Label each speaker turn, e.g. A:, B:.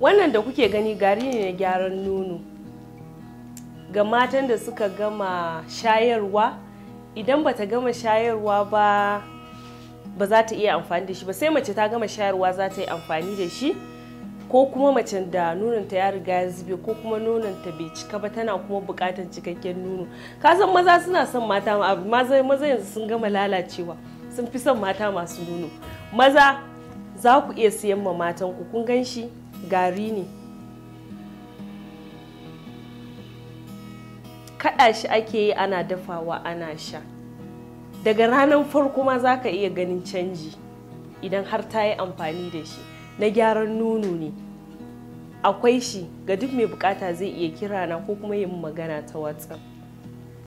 A: wannan da kuke gani gari ne na gyaran nono ga matan da suka gama shayarwa idan bata gama shayarwa ba ba za ta iya amfani da shi ba sai mace ta gama shayarwa za ta yi amfani da shi ko kuma macen da nononta ya riga ya zube ko kuma nononta bai cika ba tana kuma bukatar cikakken nono ka san maza suna son mata maza maza yanzu sun gama lalacewa sun fi son mata masu nono maza za ku iya siyan ma matan ku kun gan shi gari ne kaɗa shi ake yi ana dafawa ana sha daga ranar farko ma za ka iya ganin canji idan har ta yi amfani da shi na gyaran nono ne akwai shi ga duk mai bukata zai iya kirana ko kuma yin magana ta whatsapp